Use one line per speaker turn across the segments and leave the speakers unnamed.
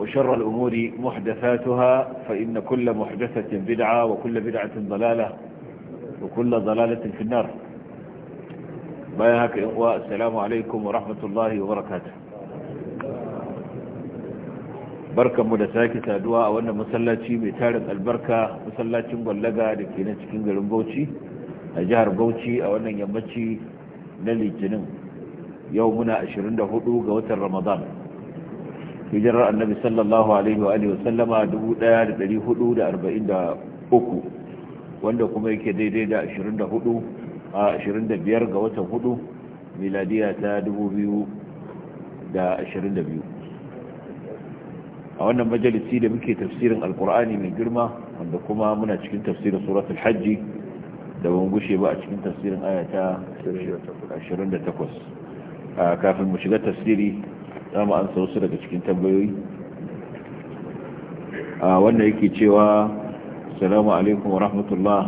وشر الأمور محدثاتها فإن كل محدثة بدعة وكل بدعة ضلالة وكل ضلالة في النار بايهاك إخوة السلام عليكم ورحمة الله وبركاته barkan mu da sake saduwa a wannan masallaci mai tarin albarka masallacin gwallaga da ke na cikin garin bauchi a jihar bauchi a wannan yammaci na litinin yau muna 24 ga watan ramadan hijirar annabi sallallahu alaihi wa alihi wasallama 1443 wanda kuma yake daidai da 24 a 25 ga watan 4 miladiya ta 2022 a wannan majalisi da muke tafsirin alkur'ani mai girma wanda kuma muna cikin tafsirin suratul hajji da ban gushe ba a cikin tafsirin ayata 28 kafin mu shiga tafsiri za mu ansa wasu daga cikin tambayoyi a wannan yake cewa salamu alaikum wa rahmatullah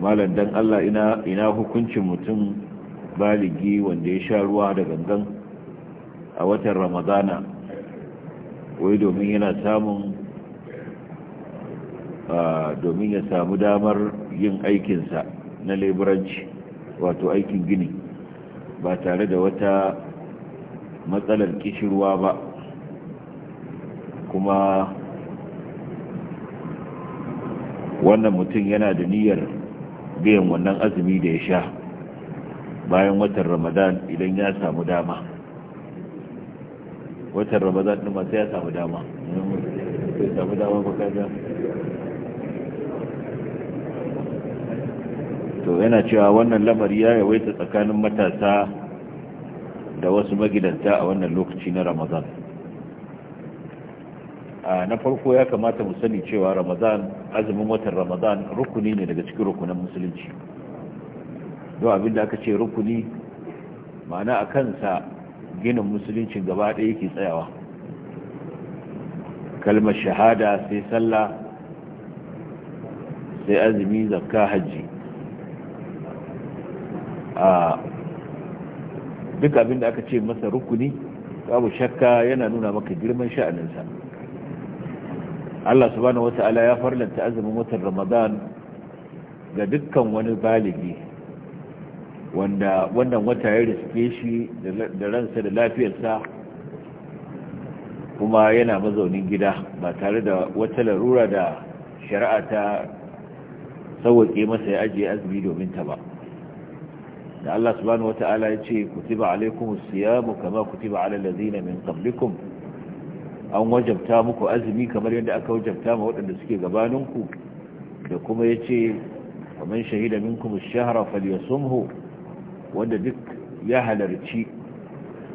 malam dan Allah ina ina hukuncin mutum baligi wanda ya sha ruwa da gangan a watan ramadana wai domin yana samun domin ya samu damar yin aikinsa na leburanci wato aikin gini ba tare da wata matsalar kishirwa ba kuma wannan mutum yana da niyyar biyan wannan azumi da ya sha bayan watan ramadan idan ya samu dama watan ramadan ɗin masu ya samu dama samu dama to yana cewa wannan lamari ya yawaita tsakanin matasa da wasu magidanta a wannan lokaci na ramadan na farko ya kamata mu sani cewa ramadan azumin watan ramadan rukuni ne daga cikin rukunan musulunci don abin da aka ce rukuni ma'ana a kansa ginin musulunci gaba ɗaya yake tsayawa kalmar shahada sai sallah sai azumi zakka hajji duk abin da aka ce masa rukuni babu shakka yana nuna maka girman sha'aninsa Allah subhanahu wata'ala ya farlanta azumin watan Ramadan ga dukkan wani baligi wanda wannan wata ya riske shi da ransa da lafiyarsa kuma yana mazaunin gida ba tare da wata larura da shari'a ta sauwaƙe masa ya ajiye azumi domin ta ba da Allah subhanahu wata'ala ya ce kutiba alaikumus siyamu kama kutiba ala allazina min qablikum an wajabta muku azumi kamar yadda aka wajabta ma waɗanda suke gabaninku da kuma ya ce kamar shahida minkum shahara falyasumhu wanda duk ya halarci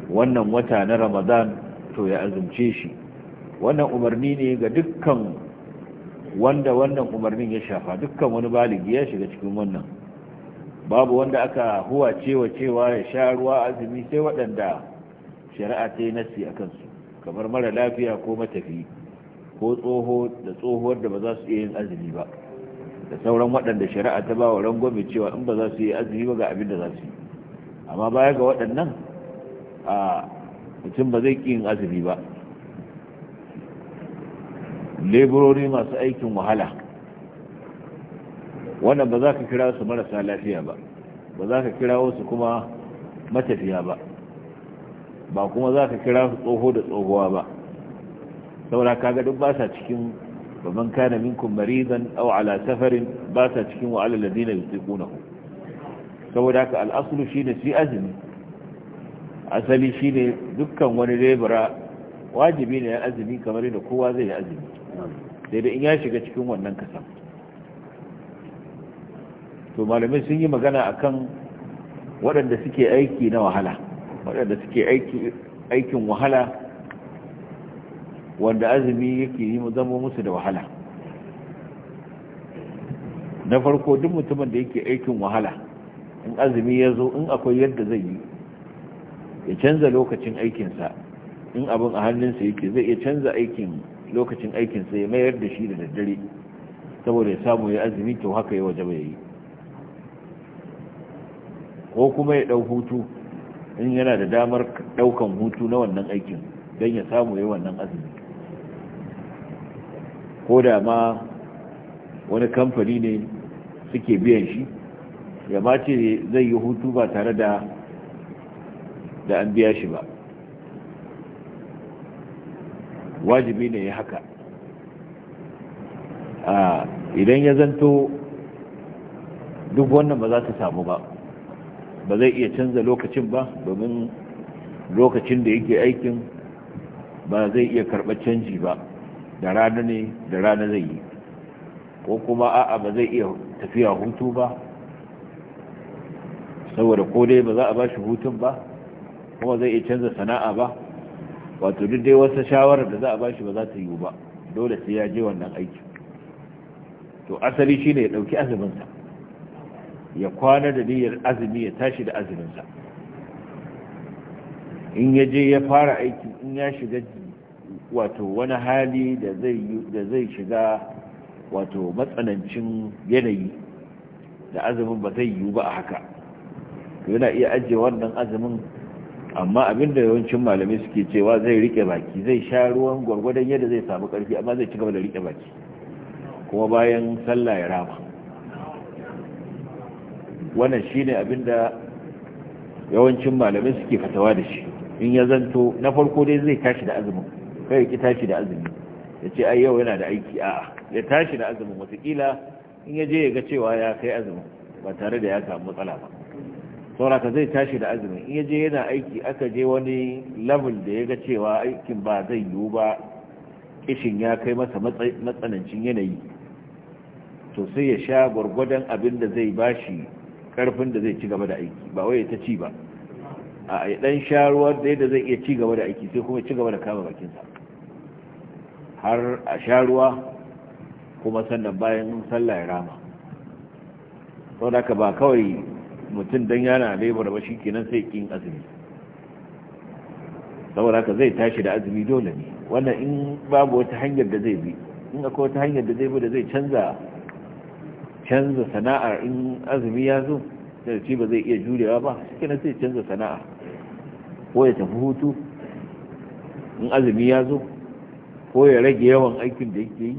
wannan wata na ramadan to ya azumce shi wannan umarni ne ga dukkan wanda wannan umarnin ya shafa dukkan wani baligi ya shiga cikin wannan babu wanda aka huwa cewa cewa ya sha ruwa azumi sai waɗanda shari'a ta yi nasi a kansu kamar mara lafiya ko matafi ko tsoho da tsohuwar da ba za su iya yin azumi ba da sauran waɗanda shari'a ta ba wa rangwame cewa in ba za su yi azumi ba ga abin da za su yi amma baya ga waɗannan a mutum ba zai ƙi yin azumi ba leburori masu aikin wahala wannan ba za ka kira su marasa lafiya ba ba za ka kira wasu kuma matafiya ba ba kuma za ka kira su tsoho da tsohuwa ba saboda kaga duk ba sa cikin babban man kana minkum maridan ala safarin ba sa cikin wa alal ladina ku saboda al'asulu shi ne si azumi. asali shi ne dukkan wani lebura wajibi ne ya azumi kamar da kowa zai yi azumi sai da in ya shiga cikin wannan kasan to malamai sun yi magana akan waɗanda suke aiki na wahala waɗanda suke aikin wahala wanda azumi yake yi zama musu da wahala na farko duk mutumin da yake aikin wahala in azumi ya zo in akwai yadda zai yi ya canza lokacin aikinsa in abin a hannunsa yake zai iya canza aikin lokacin aikinsa ya mayar da shi da daddare saboda ya samu ya azumi to haka ya waje bai yi ko kuma ya ɗau hutu in yana da damar ɗaukan hutu na wannan aikin don ya samu yi wannan azumi ko da ma wani kamfani ne suke biyan shi ya mace zai yi hutu ba tare da da an biya shi ba wajibi ne ya haka ah, idan ya zanto duk wannan ba za ta samu ba ba zai iya canza lokacin ba domin lokacin da yake aikin ba zai iya karɓar canji ba da rana ne da rana zai yi ko kuma a'a ba zai iya tafiya hutu ba saboda ko dai ba za a ba shi hutun ba kuma zai iya canza sana'a ba wato duk dai wasu shawarar da za a ba shi ba za ta yiwu ba dole sai ya je wannan aiki to asali shine ya ɗauki sa. ya kwana da niyyar azumi ya tashi da azuminsa in ya je ya fara aiki in ya shiga wato wani hali da zai shiga wato matsanancin yanayi da azumin ba zai yiwu ba a haka yana iya ajiye wannan azumin amma abinda yawancin malamai suke cewa zai rike baki zai sha ruwan gwargwadon yadda zai samu karfi amma zai ci gaba da rike baki kuma bayan sallah ya rama wannan shi shine abinda yawancin malamai suke fatawa da shi in ya zanto na farko dai zai tashi da azumin kai ki tashi da azumi ya ce ai yau yana da aiki a ya tashi da azumin watakila in ya je ya ga cewa ya kai azumin ba tare da ya samu matsala ba ka zai tashi da azumin in ya je yana aiki aka je wani level da ya ga cewa aikin ba zai yiwu ba kishin ya kai masa matsanancin yanayi to sai ya sha gwargwadon abin da zai bashi karfin da zai ci gaba da aiki ba wai ta ci ba a ya dan sharuwar da yadda zai iya ci gaba da aiki sai kuma ci gaba da kama bakinsa har a sharuwa kuma sannan bayan sallah ya rama sau da ba kawai mutum don yana labar ba shi kenan sai kin azumi saboda ka zai tashi da azumi dole ne wannan in babu wata hanyar da zai bi in akwai wata hanyar da zai bi da zai canza canza sana'a in azumi ya zo da shi ba zai iya jurewa ba shi na sai canza sana'a ko ya tafi hutu in azumi ya zo ko ya rage yawan aikin da yake yi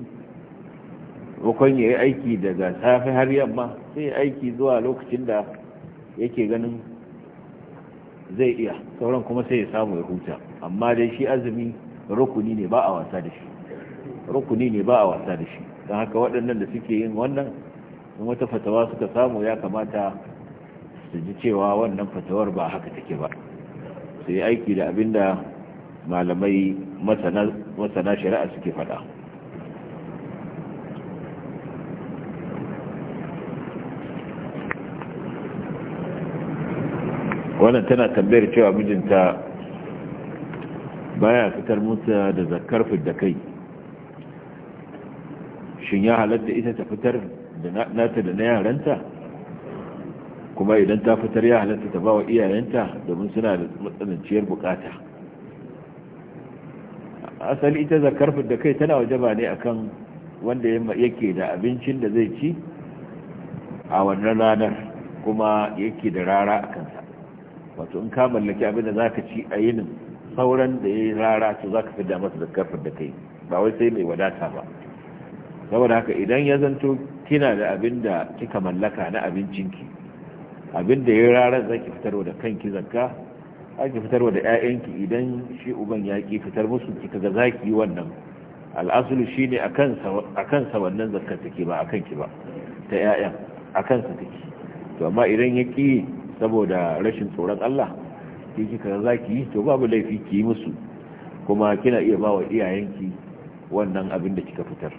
bakon ya yi aiki daga safe har yamma sai ya aiki zuwa lokacin da yake ganin zai iya sauran kuma sai ya samu ya huta amma dai shi azumi rukuni ne ba a wasa da shi rukuni ne ba a wasa da shi don haka waɗannan da suke yin wannan in wata fatawa suka samu ya kamata su ji cewa wannan fatawar ba haka take ba su yi aiki da abinda malamai masana shari'a suke fada wannan tana tambayar cewa mijinta baya fitar mutu da zakarfin da kai shin ya halatta ita ta fitar nata da na yaranta kuma idan ta fitar ya halatta ta ba wa iyayenta domin suna da matsananciyar bukata asali ita zakar da kai tana waje ba ne akan wanda yake da abincin da zai ci a wannan ranar kuma yake da rara a kansa wato in ka mallaki abin da zaka ci a yinin sauran da ya yi rara to zaka fi da masa zakar da kai ba wai sai mai wadata ba saboda haka idan ya zanto kina da abin da kika mallaka na abincinki abin da ya rarar za ki fitarwa da kanki zakka za ki fitarwa da 'ya'yanki idan shi uban ya ki fitar musu kika ga za ki yi wannan al'asulu shi ne a kansa wannan zakka take ba a kanki ba ta 'ya'yan a kansa take to amma idan ya ki saboda rashin tsoron Allah ki kika za ki yi to babu laifi ki yi musu kuma kina iya ba wa iyayenki wannan abin da kika fitar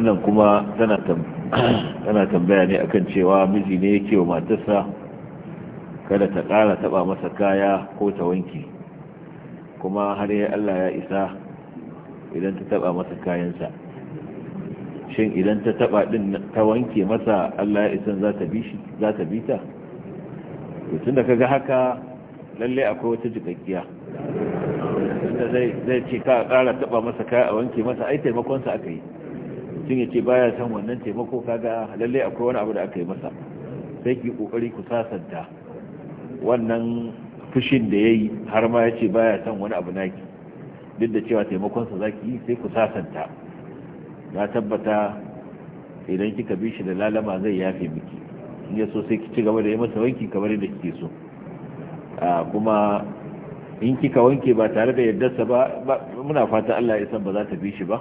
wannan kuma tana tambaya ne akan cewa miji ne yake wa matarsa kada ta kara taɓa masa kaya ko ta wanki kuma har yi Allah ya isa idan ta taɓa masa kayansa shin idan ta taba din ta wanke masa Allah ya isa za ta bi ta? tun da kaga haka lalle akwai wata jikakkiya da zai ce ka kara taɓa masa kaya a wanke masa ai taimakonsa aka yi mutum ya ce baya son wannan taimako kaga lallai akwai wani abu da aka yi masa sai ki kokari ku sasanta wannan fushin da yayi har ma ya ce baya son wani abu naki duk da cewa taimakon sa zaki yi sai ku sasanta na tabbata idan kika bi shi da lalama zai yafe miki in ya so sai ki ci gaba da yi masa wanki kamar yadda kike so kuma in kika wanke ba tare da yardarsa ba muna fatan Allah ya san ba za ta bi shi ba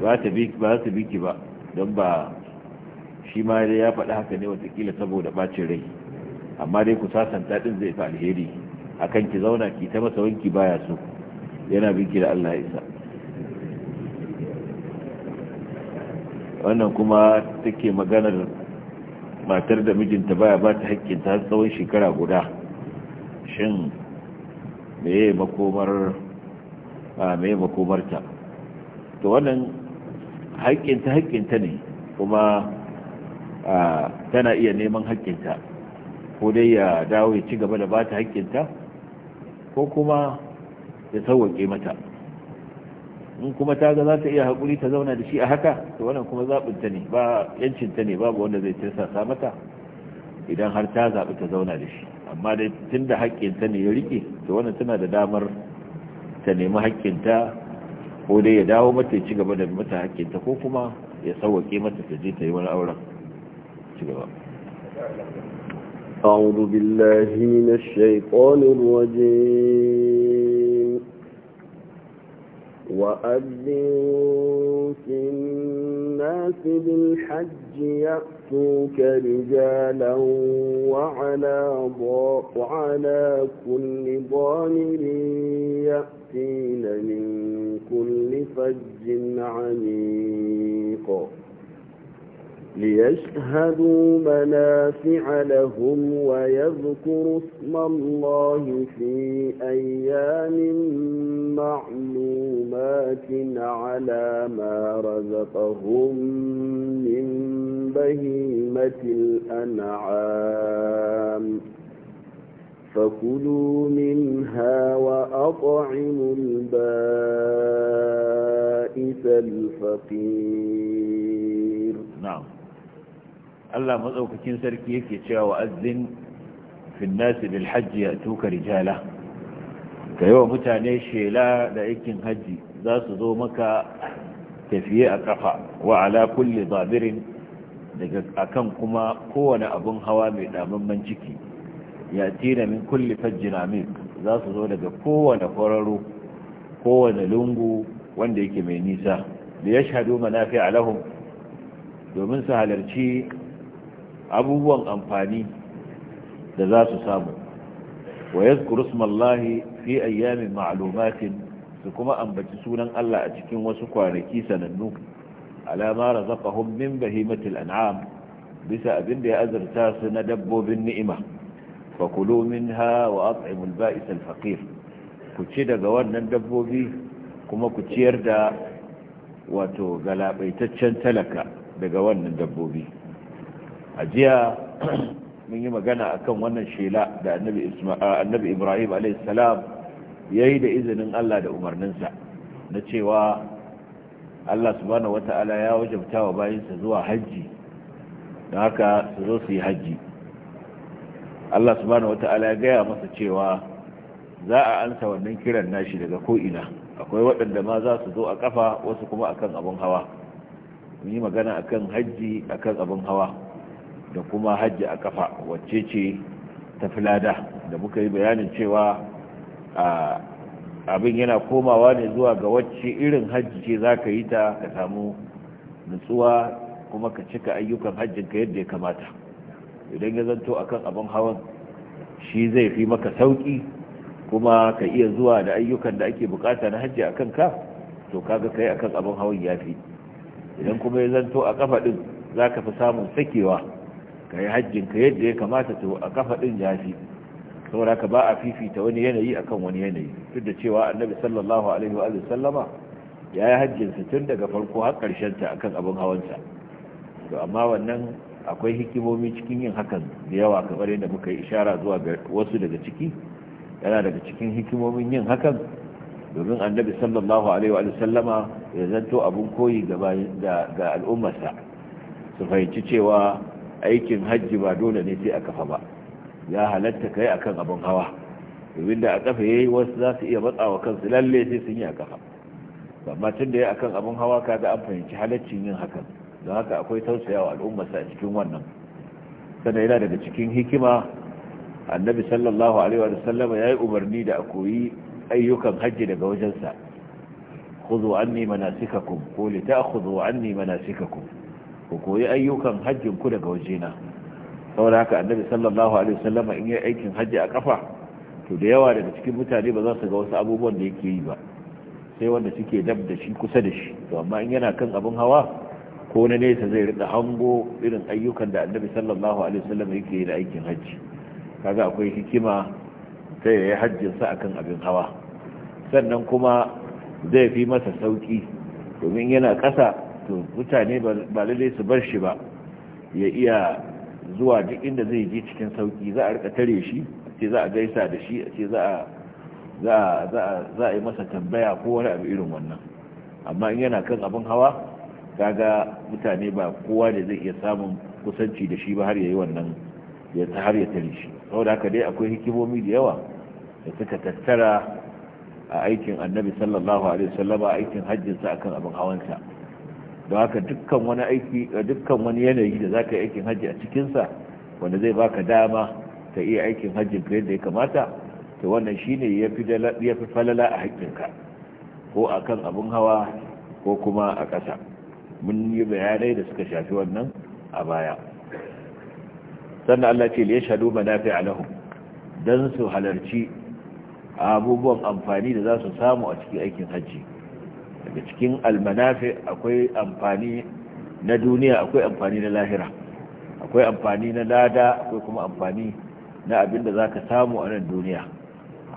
ba ta bi ba ta bi ba don ba shi ma ya faɗi haka ne watakila saboda bacin rai amma dai ku sasan din zai fi alheri akan ki zauna ki ta masa wanki baya so yana binki da Allah ya isa wannan kuma take maganar matar da mijinta baya ba ta hakkinta ta tsawon shekara guda shin me makomar ta makomarta to wannan haƙƙinta haƙƙinta ne kuma tana iya neman haƙƙinta ko dai ya dawo ya ci gaba da bata haƙƙinta ko kuma ya sauwaƙe mata in kuma ta ga za ta iya haƙuri ta zauna da shi a haka to wannan kuma zaɓinta ne ba yancinta ne babu wanda zai tirsasa mata idan har ta zaɓi ta zauna da shi amma dai tun da haƙƙinta ne ya riƙe to wannan tana da damar ta nemi haƙƙinta ko dai ya dawo mata ya ci gaba da mata hakkin ta ko kuma ya sauwake mata ta je ta yi wani auren ci gaba
أعوذ بالله من الشيطان الرجيم وأذن في الناس بالحج يأتوك رجالا وعلى, وعلى كل ضامر يأتين من كل فج عميق ليشهدوا منافع لهم ويذكروا اسم الله في أيام معلومات على ما رزقهم من بهيمة الأنعام فكلوا منها وأطعموا البائس الفقير نعم
Allah matsaukakin sarki yake cewa wa'azin finnasi bil hajji a tuka rijala ka yi wa mutane shela da aikin hajji za su zo maka tafiye a kafa wa ala kulli zabirin daga akan kuma kowane abun hawa mai damamman ciki ya tina min kulle fajjin za su zo daga kowane kwararo kowane lungu wanda yake mai nisa da ya shahadu manafi alahum domin su halarci abubuwan amfani da za su samu wa yadhkuru smallahi fi ayyamin ma'lumatin su kuma ambaci sunan Allah a cikin wasu kwanaki sanannu alama razaqahum min bahimatil an'am bisa abinda ya azurta su na dabbobin ni'ima fakulu minha wa at'imul ba'is al-faqir ku ci daga wannan dabbobi kuma ku ciyar da wato galabaitaccen talaka daga wannan dabbobi a jiya mun yi magana akan wannan shela da annabi ibrahim alaihissalam ya yi da izinin allah da umarninsa na cewa allah subhanahu wata'ala ya wajabta wa bayansa zuwa hajji don haka su zo su yi hajji allah subhanahu wata'ala ya gaya masa cewa za a ansa wannan kiran nashi daga ko'ina akwai waɗanda ma za su zo a kafa wasu kuma akan abin hawa mun yi magana akan hajji akan abin hawa da kuma hajji a kafa wacce ce ta filada da muka yi bayanin cewa abin yana komawa ne zuwa ga wacce irin hajji ce za ka yi ta ka samu nutsuwa kuma ka cika ayyukan hajjinka yadda ya kamata idan ya zanto a kan abin hawan shi zai fi maka sauki kuma ka iya zuwa da ayyukan da ake bukata na hajji a kanka to kaga kai kan abin hawan ya fi idan kuma ya zanto a kafa din ka fi samun sakewa ka yi hajjin ka yadda ya kamata to a kafa ɗin jafi saboda ka ba a fifita wani yanayi akan wani yanayi duk da cewa annabi sallallahu alaihi wa sallama ya yi hajjinsa tun daga farko har karshen ta akan abin hawansa to amma wannan akwai hikimomi cikin yin hakan da yawa kamar yadda muka yi ishara zuwa ga wasu daga ciki yana daga cikin hikimomin yin hakan domin annabi sallallahu alaihi wa sallama ya zanto abin koyi ga al'ummarsa su fahimci cewa aikin hajji ba dole ne sai a kafa ba ya halatta kai kan abin hawa domin da a kafa yayi wasu za su iya matsawa kansu lalle sai sun yi a kafa amma tun da ya akan abin hawa kaga an fahimci halaccin yin hakan don haka akwai tausayawa al'ummarsa a cikin wannan sannan yana daga cikin hikima annabi sallallahu alaihi wa sallama yayi umarni da a koyi ayyukan hajji daga wajensa khudhu anni manasikakum ko ta'khudhu anni manasikakum ku koyi ayyukan hajjin ku daga wajena saboda haka annabi sallallahu alaihi wasallam in yi aikin hajji a kafa to da yawa daga cikin mutane ba za su ga wasu abubuwan da yake yi ba sai wanda suke dab da shi kusa da shi to amma in yana kan abin hawa ko na nesa zai rika hango irin ayyukan da annabi sallallahu alaihi wasallam yake yi da aikin hajji kaga akwai hikima ta yayi hajjin sa akan abin hawa sannan kuma zai fi masa sauki domin yana ƙasa. to mutane ba lalle su bar shi ba ya iya zuwa duk inda zai je cikin sauki za a rika tare shi ce za a gaisa da shi ce za a yi masa tambaya ko wani abu irin wannan amma in yana kan abin hawa kaga mutane ba kowa da zai iya samun kusanci da shi ba har ya yi wannan ya har ya tare shi saboda haka dai akwai hikimomi da yawa da suka tattara a aikin annabi sallallahu alaihi wasallama aikin hajjinsa akan abin hawansa da haka dukkan wani aiki dukkan wani yanayi da za ka yi aikin hajji a cikinsa wanda zai baka dama ta iya aikin hajjin ka yadda ya kamata to wannan shine ya fi falala a haƙƙinka ko a kan abin hawa ko kuma a ƙasa mun yi bayanai da suka shafi wannan a baya sannan Allah ce ya shaɗu manafi alahu don su halarci abubuwan amfani da za su samu a cikin aikin hajji daga cikin almanafi akwai amfani na duniya akwai amfani na lahira akwai amfani na lada akwai kuma amfani na abin da za ka samu a nan duniya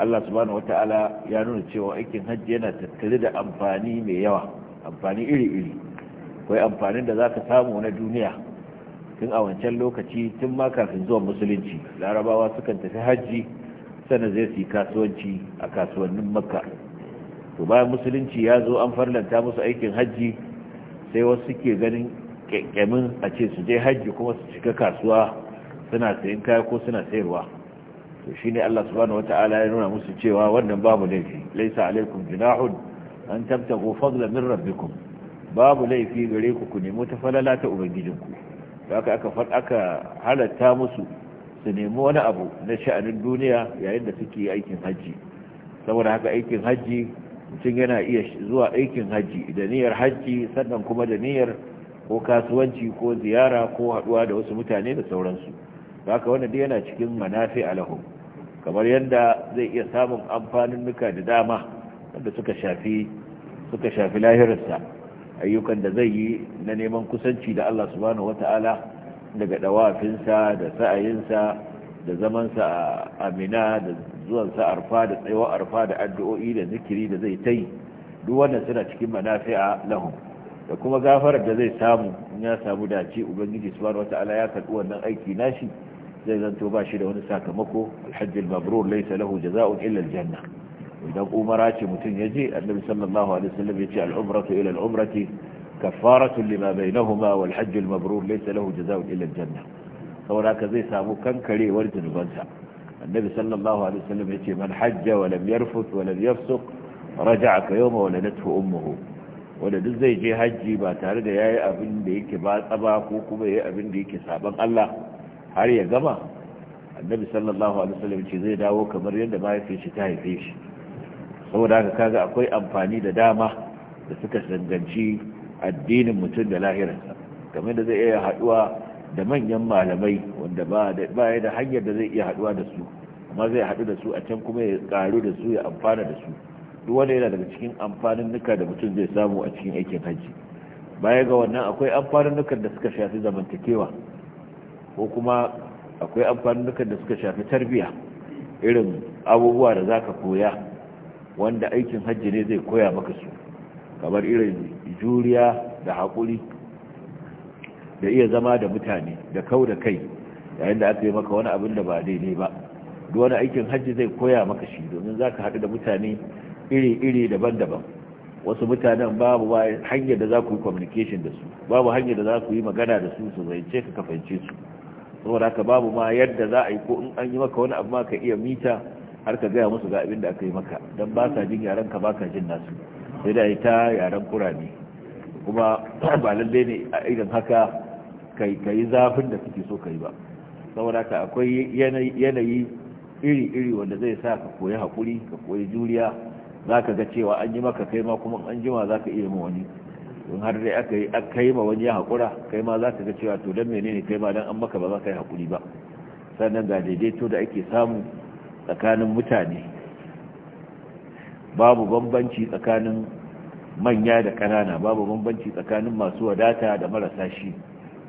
Allah subhanahu wata'ala ya nuna cewa aikin hajji yana tattare da amfani mai yawa amfani iri-iri akwai amfanin da za ka samu na duniya tun a wancan lokaci tun ma kafin zuwan musulunci larabawa sukan tafi hajji sana zai su kasuwanci a kasuwannin makka to bayan musulunci ya zo an farlanta musu aikin hajji sai wasu suke ganin kyakkyamin a ce su je hajji kuma su cika kasuwa suna sayin kaya ko suna sayarwa to shi ne Allah subhanahu wata'ala ya nuna musu cewa wannan babu laifi laisa alaikum junahun an tabtagu fadlan min rabbikum babu laifi gare ku ku nemo ta falala ta ubangijinku da aka aka aka halatta musu su nemi wani abu na sha'anin duniya yayin da suke aikin hajji saboda haka aikin hajji mutum yana iya zuwa aikin hajji da niyyar hajji sannan kuma da niyyar ko kasuwanci ko ziyara ko haduwa da wasu mutane da sauransu haka wannan dai yana cikin manafi alahu kamar yadda zai iya samun amfanin nuka da dama wanda suka shafi suka shafi lahirarsa ayyukan da zai yi na neman kusanci da Allah subhanahu wata'ala daga dawafinsa da sa'ayinsa da zamansa a amina da zuwansa arfa da tsawon arfa da addu'o'i da zikiri da zai ta yi duk suna cikin manafi'a lahum da kuma gafarar da zai samu in ya samu dace ubangiji subhanahu ala ya karɓi wannan aiki nashi zai zanto ba shi da wani sakamako alhajji al-mabrur laysa lahu jazaa'un illa al-janna idan umara ce mutum ya je annabi sallallahu alaihi wasallam ya ce al-umratu ila al-umrati kaffaratu lima bainahuma wal hajj mabrur laysa lahu jazaa'un illa al-janna saboda ka zai samu kankarewar zunubansa annabi sallallahu alaihi wasallam yace man hajja wa lam yarfut wa lam yafsuq raja'a ka yawma waladatu ummuhu wanda duk zai je hajji ba tare da yayi abin da yake ba tsaba ko kuma yayi abin da yake saban Allah har ya gama annabi sallallahu alaihi wasallam yace zai dawo kamar yadda mahaifin shi ta haife shi saboda haka kaga akwai amfani da dama da suka danganci addinin mutum da lahirarsa kamar da zai iya haduwa da manyan malamai wanda ba ya da hanyar da zai iya haduwa da su amma zai haɗu da su a can kuma ya karu da su ya amfana da su duk wanda yana daga cikin amfanin nuka da mutum zai samu a cikin aikin hajji baya ga wannan akwai amfanin nukan da suka shafi zamantakewa ko kuma akwai amfanin nukan da suka shafi tarbiya irin abubuwa da za ka koya wanda aikin hajji ne zai koya maka su kamar irin juriya da haƙuri da iya zama da mutane da kau da kai yayin da aka yi maka wani abin da ba daidai ba duk aikin hajji zai koya maka shi domin za ka haɗu da mutane iri-iri daban-daban wasu mutanen babu hanyar da za ku yi communication da su babu hanyar da za ku yi magana da su su zance ka kafance su saboda haka babu ma yadda za a yi ko in an yi maka wani abu ma ka iya mita har ka gaya musu ga abin da aka yi maka don ba ka jin yaren ka ba ka jin nasu sai da ita yaren kurane kuma ba lallai ne a irin haka ka yi zafin da kake so ka yi ba saboda ka akwai yanayi iri-iri wanda zai sa ka koyi haƙuri ka koyi juriya za ka ga cewa an yi maka kai ma kuma an jima za ka iya ma wani don har dai aka yi aka yi ma wani ya haƙura kai ma za ka ga cewa to don menene kai ma don an maka ba za ka yi haƙuri ba sannan ga daidaito da ake samu tsakanin mutane babu bambanci tsakanin manya da ƙanana babu bambanci tsakanin masu wadata da marasa shi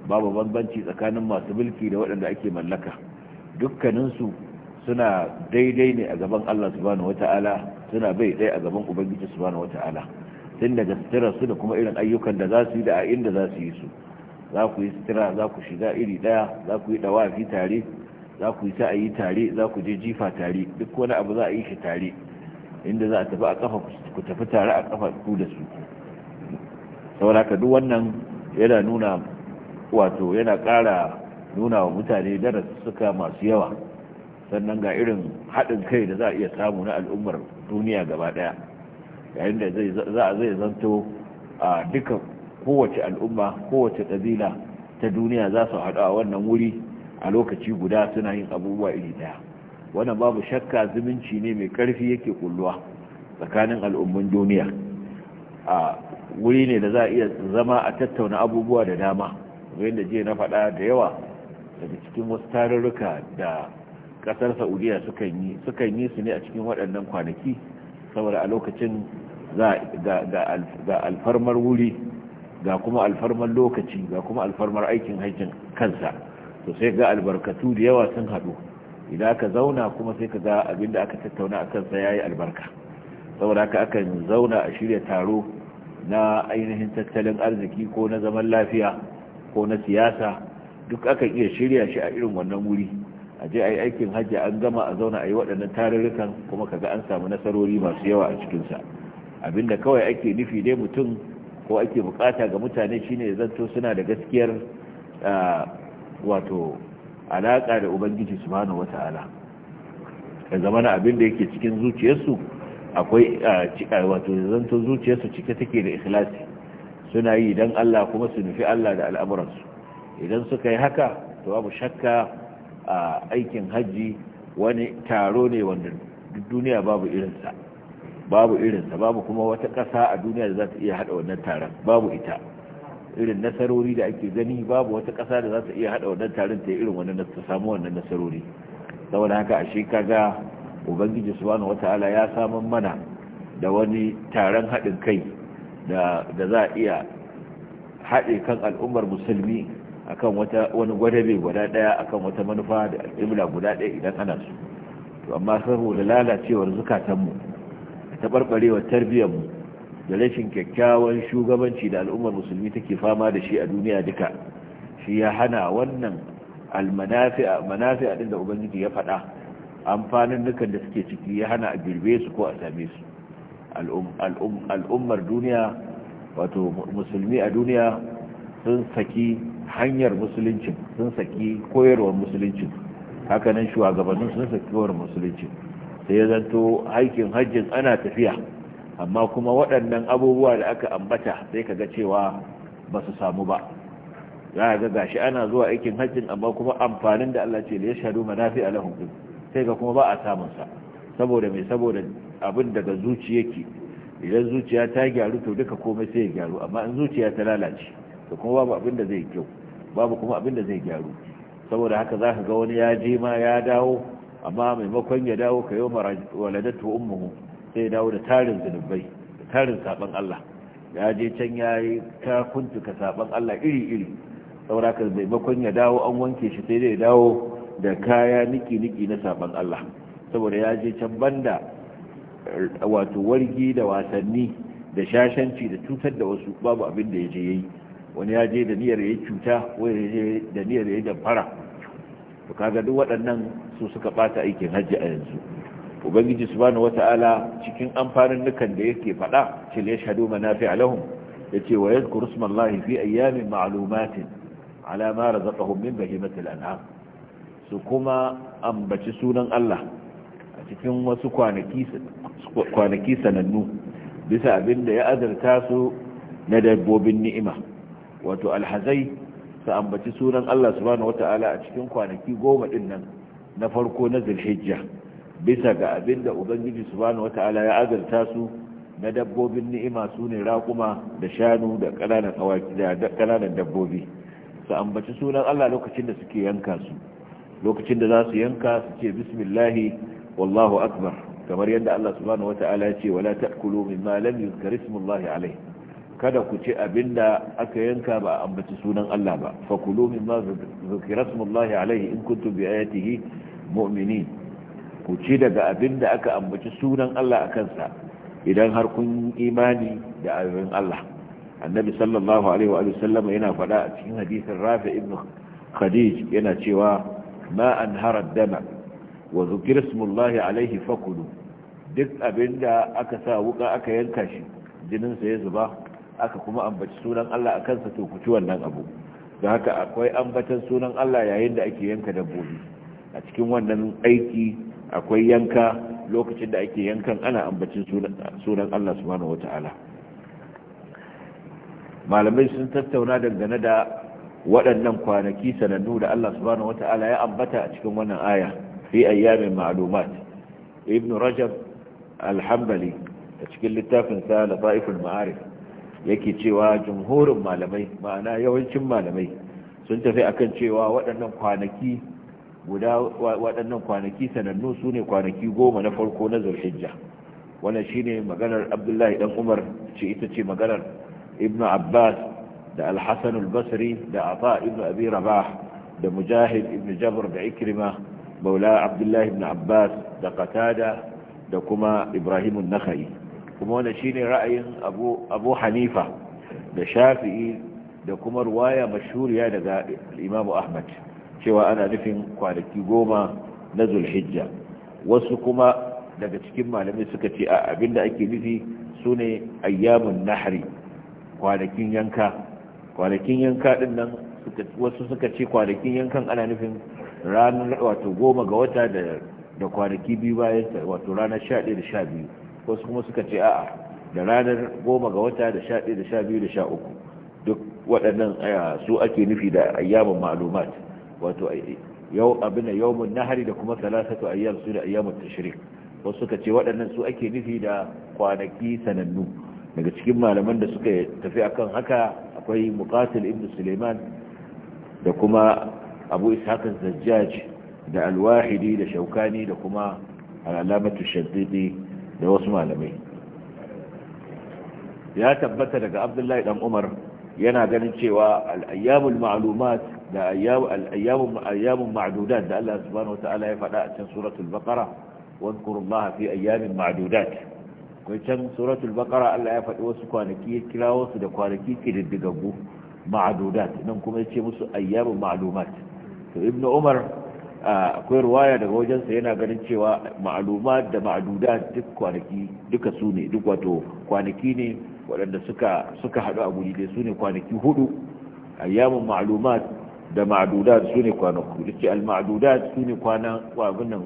babu bambanci tsakanin masu mulki da waɗanda ake mallaka dukkaninsu suna daidai ne a gaban Allah subhanahu wata'ala suna bai ɗaya a gaban ubangiji subhanahu wata'ala tun daga su da kuma irin ayyukan da za su yi da a inda za su yi su za ku yi sutura za ku shiga iri daya za ku yi ɗawafi tare za ku yi yi tare za ku je jifa tare duk wani abu za a yi shi tare inda za a tafi a kafa ku tafi tare a kafa ku da su saboda haka duk wannan yana nuna wato yana ƙara nuna wa mutane darasuka masu yawa sannan ga irin haɗin kai da za a iya samu na al'ummar duniya gaba ɗaya yayin da zai zanto a duka kowace al'umma kowace ƙabila ta duniya za su haɗu a wannan wuri a lokaci guda suna yin abubuwa iri ɗaya wannan babu shakka zumunci ne mai ƙarfi yake kulluwa tsakanin al'ummin duniya a wuri ne da za a iya zama a tattauna abubuwa da dama kamar yadda jiya na faɗa da yawa daga cikin wasu tarurruka da ƙasar saudiya sukan yi yi su ne a cikin waɗannan kwanaki saboda a lokacin ga alfarmar wuri ga kuma alfarmar lokaci ga kuma alfarmar aikin haikin kansa to sai ga albarkatu da yawa sun haɗu idan aka zauna kuma sai ka ga abin da aka tattauna a kansa ya yi albarka saboda haka akan zauna a shirya taro na ainihin tattalin arziki ko na zaman lafiya ko na siyasa duk akan iya shirya shi a irin wannan wuri a je a yi aikin hajji an gama a zauna a yi waɗannan tarurrukan kuma kaga an samu nasarori masu yawa a cikinsa abinda kawai ake nufi dai mutum ko ake bukata ga mutane shine ya zanto suna da gaskiyar wato alaƙa da ubangiji subhanahu wata'ala ya zama na abin da yake cikin zuciyarsu akwai wato zanto zuciyarsu cike take da ikhlasi suna yi don Allah kuma su nufi Allah da al'amuransu idan suka yi haka to babu shakka a aikin hajji wani taro ne wanda duniya babu irinsa babu irinsa babu kuma wata ƙasa a duniya da za ta iya haɗa wannan taron babu ita irin nasarori da ake gani babu wata ƙasa da za ta iya haɗa wannan taron ta irin wannan ta samu wannan nasarori saboda haka a shekaga ubangiji subhanahu wataala ya saman mana da wani taron haɗin kai da za a iya haɗe kan al'ummar musulmi akan wata wani gwadabe guda ɗaya akan wata manufa da al'ibla guda ɗaya idan ana su to amma saboda lalacewar zukatanmu da taɓarɓarewar tarbiyyarmu da rashin kyakkyawan shugabanci da al'ummar musulmi take fama da shi a duniya duka shi ya hana wannan almanafi'a ɗin da ubangiji ya faɗa amfanin nukan da suke ciki ya hana a girbe su ko a same su al'ummar duniya wato musulmi a duniya sun saki hanyar musuluncin sun saki koyarwar musuluncin hakanan shugabannin sun saki koyarwar musuluncin sai ya zanto aikin hajjin ana tafiya amma kuma waɗannan abubuwa da aka ambata sai ka ga cewa ba su samu ba za ga gashi ana zuwa aikin hajjin amma kuma amfanin da Allah ce da ya shaɗu manafi a lahun sai ga kuma ba a samunsa saboda mai saboda abin daga zuciya yake idan zuciya ta gyaru to duka komai sai ya gyaru amma in zuciya ta lalace to kuma babu abin da zai kyau babu kuma abin da zai gyaru saboda haka zaka ga wani ya je ma ya dawo amma maimakon ya dawo ka yau waladatu ummuhu sai ya dawo da tarin zunubai da tarin saban Allah ya je can ya yi kuntuka saban Allah iri-iri saboda haka maimakon ya dawo an wanke shi sai zai dawo da kaya niki-niki na saban Allah saboda ya je can banda wato wargi da wasanni da shashanci da cutar da wasu babu abin da ya je yayi wani ya je da niyyar yayi cuta wani ya je da niyyar yayi damfara to kaga duk waɗannan su suka bata aikin hajji a yanzu ubangiji subhanahu wata'ala cikin amfanin nukan da yake faɗa cil Ya manafi'a lahum yace wa yadhkuru ismallahi fi ayyamin ma'lumatin ala ma razaqahum min bahimatil an'am su kuma ambaci sunan Allah cikin wasu kwanaki sanannu bisa abin da ya azarta su na dabbobin ni'ima wato alhazai su ambaci sunan Allah subhanahu wata'ala a cikin kwanaki goma din nan na farko na zulhijja bisa ga abin da ubangiji subhanahu wata'ala ya azarta su na dabbobin ni'ima su ne raƙuma da shanu da ƙananan dabbobi su ambaci sunan Allah lokacin da suke yanka su lokacin da za su yanka su ce bismillahi wallahu akbar kamar yadda Allah subhanahu wata'ala ce wala ta'kulu mimma lam yuzkar ismullahi alayh kada ku ci abinda aka yanka ba ambaci sunan Allah ba fakulu mimma zukira ismullahi alayhi in kuntum bi ayatihi mu'minin ku ci daga abinda aka ambaci sunan Allah akan sa idan har kun imani da ayoyin Allah annabi sallallahu alaihi wa sallam yana faɗa a cikin hadisin rafi ibn khadij yana cewa ma anhara dama wa zukira smullahi alaihi fakulu duk abinda aka sa wuka aka yanka shi jininsa ya zuba aka kuma ambaci sunan Allah a kansa to ku ci wannan abu don haka akwai ambatan sunan Allah yayin da ake yanka dabbobi a cikin wannan aiki akwai yanka lokacin da ake yankan ana ambacin sunan Allah subhanahu wata'ala malamai sun tattauna dangane da waɗannan kwanaki sanannu da Allah subhanahu wata'ala ya ambata a cikin wannan aya fi ayyamin ma'lumat ibn rajab alhambali a cikin littafin sa lataiful ma'arif yake cewa jumhurin malamai ma'ana yawancin malamai sun tafi akan cewa waɗannan kwanaki guda waɗannan kwanaki sanannu su ne kwanaki goma na farko na zulhijja wannan shine maganar abdullahi dan umar ce ita ce maganar ibn abbas da al-hasan al-basri da Afa ibn abi rabah da mujahid ibn jabr da ikrima maula abdullahi ibn abbas da qatada da kuma ibrahim an-nakhai kuma wannan shine ra'ayin abu abu hanifa da shafi'i da kuma ruwaya mashhuriya daga imamu ahmad cewa ana nufin kwanaki goma na zulhijja wasu kuma daga cikin malamai suka ce a abinda ake nufi su ne ayyamun nahari kwanakin yanka kwanakin yanka nan wasu suka ce kwanakin yankan ana nufin ranar wato goma ga wata da kwanaki biyu bayan ta wato ranar sha ɗaya da sha biyu wasu kuma suka ce a'a da ranar goma ga wata da sha ɗaya da sha biyu da sha uku duk waɗannan su ake nufi da ayyamin ma'alumat wato yau abin yawmun nahari da kuma salasatu ayyam su da ayyamun tashrik wasu suka ce waɗannan su ake nufi da kwanaki sanannu daga cikin malaman da suka tafi akan haka akwai muqatil ibn suleiman da kuma abu ishaq az-zajjaj da al-wahidi da shaukani da kuma al-alamatu shaddidi da wasu malamai ya tabbata daga abdullahi dan umar yana ganin cewa al-ayyamul ma'lumat da al-ayyamul ayyamun ma'dudat da Allah subhanahu wata'ala ya faɗa a cikin suratul baqara wadhkurullaha fi ayyamin ma'dudat kai can suratul baqara Allah ya faɗi wasu kwanaki ya kira wasu da kwanaki kididdigaggu ma'dudat nan kuma ya ce musu ayyamun ma'lumat to ibn umar akwai ruwaya daga wajensa yana ganin cewa ma'aluma da ma'aduda duk kwanaki duka su ne duk wato kwanaki ne waɗanda suka suka haɗu a guri dai su ne kwanaki hudu ayyamun ma'aluma da ma'aduda su ne kwanaki duk al-ma'aduda su ne kwanan abin nan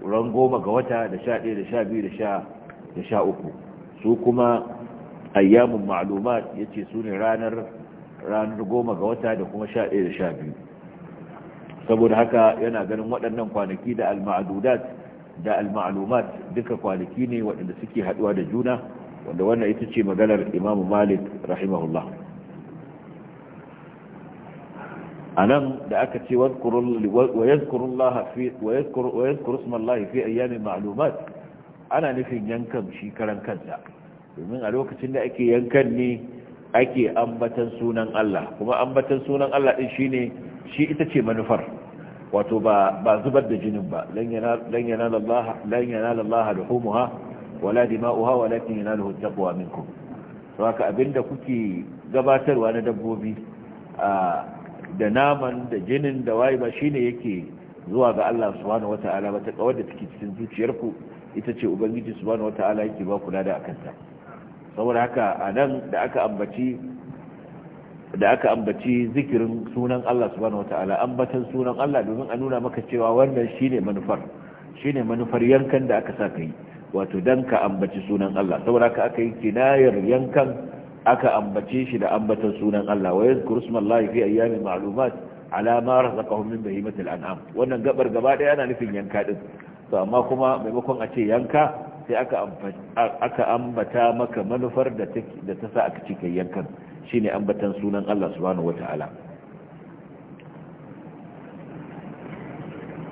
ran goma ga wata da sha ɗaya da sha biyu da sha uku su kuma ayyamun ma'aluma ya ce su ne ranar ranar goma ga wata da kuma sha ɗaya da sha biyu saboda haka yana ganin waɗannan kwanaki da al da al duka kwanaki ne waɗanda suke haɗuwa da juna wanda wannan ita ce maganar imamu malik rahimahullah a nan da aka ce wa yadkuru fi ayyamin ma'lumat ana nufin yankan shi karan kansa domin a lokacin da ake yankan ne ake ambatan sunan Allah kuma ambatan sunan Allah din shine shi ita ce manufar wato ba ba zubar da jinin ba lan lan yana lan lan Allah duhumha wala dima'uha walakin yanaluhu taqwa minkum to haka abinda kuke gabatarwa na dabbobi da naman da jinin da waye ba shine yake zuwa ga Allah subhanahu wata'ala wata ta kawar da take cikin zuciyarku ita ce ubangiji subhanahu wata'ala yake ba kula da akanta saboda haka a nan da aka ambaci zikirin sunan Allah subhanahu wataala ambatan sunan Allah domin a nuna maka cewa wannan shine manufar shine manufar yankan da aka saka yi wato dan ka ambaci sunan Allah saboda haka aka yi kinayar yankan aka ambace shi da ambatan sunan Allah wa yadhkuru smallahi fi ayyamin ma'lumat ala ma razaqahum min bahimatil an'am wannan gabar gaba daya ana nufin yanka din to amma kuma maimakon a ce yanka sai aka ambata maka manufar da ta sa aka cika yankan shine ambatan sunan Allah subhanahu wata'ala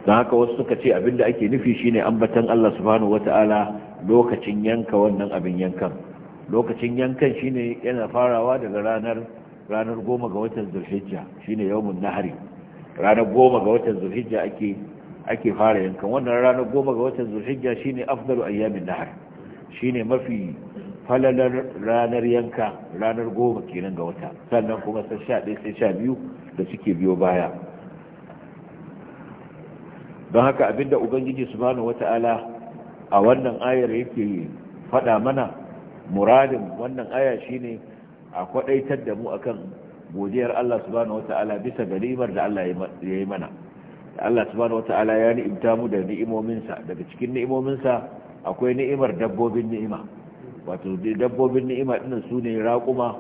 don haka wasu suka ce abinda ake nufi shine ambatan Allah subhanahu wata'ala lokacin yanka wannan abin yankan lokacin yankan shine yana farawa daga ranar ranar goma ga watan zulhijja shine yawmun nahari ranar goma ga watan zulhijja ake ake fara yankan wannan ranar goma ga watan zulhijja shine afdalu ayyamin nahar shine mafi falalar ranar yanka ranar goma kenan ga wata sannan kuma sai sha ɗaya sai sha biyu da suke biyo baya don haka abinda ubangiji subhanahu wata'ala a wannan ayar yake faɗa mana muradin wannan aya shine a kwaɗaitar da mu akan godiyar Allah subhanahu wata'ala bisa ga da Allah ya yi mana Allah subhanahu wata'ala ya ni'imta mu da ni'imominsa daga cikin ni'imominsa akwai ni'imar dabbobin ni'ima wato dabbobin ni'ima dinnan su ne raƙuma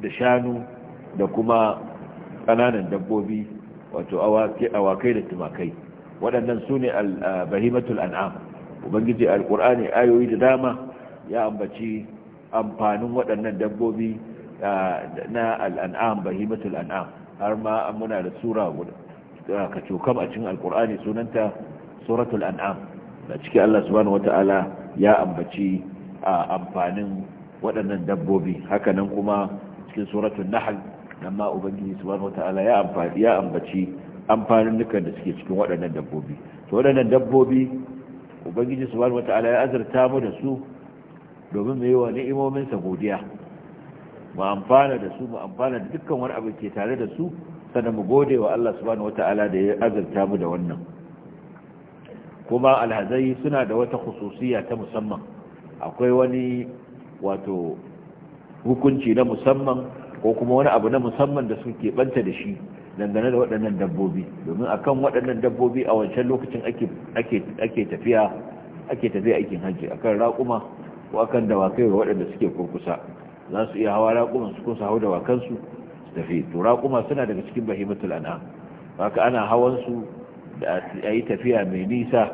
da shanu da kuma ƙananan dabbobi wato awakai da tumakai waɗannan su ne bahimatul an'am ubangiji alƙur'ani ayoyi da dama ya ambaci amfanin waɗannan dabbobi ah, na al'an'am bahimatul an'am har ma muna da sura guda ka cokam a cikin alkur'ani sunanta suratul an'am da ciki Allah subhanahu wata'ala ya ambaci a amfanin waɗannan dabbobi hakanan kuma cikin suratul nahal nan ma ubangiji subhanahu wata'ala ya ambaci ya ambaci amfanin dukan da suke cikin waɗannan dabbobi to waɗannan dabbobi ubangiji subhanahu wata'ala ya azurta mu da su domin mu yi wa ni'imominsa godiya mu amfana da su mu amfana da dukkan wani abu ke tare da su sannan mu gode wa Allah subhanahu wata'ala da ya azurta mu da wannan kuma alhazai suna da wata khususiya ta musamman akwai wani wato hukunci na musamman ko kuma wani abu na musamman da suke banta da shi dangane da waɗannan dabbobi domin akan waɗannan dabbobi a wancan lokacin ake tafiya ake tafiya aikin hajji akan raƙuma ko akan dawakai waɗanda suke kurkusa za su iya hawa raƙuman su kun su hau dawakansu tafi to suna daga cikin bahimatul an'am haka ana hawan su da a yi tafiya mai nisa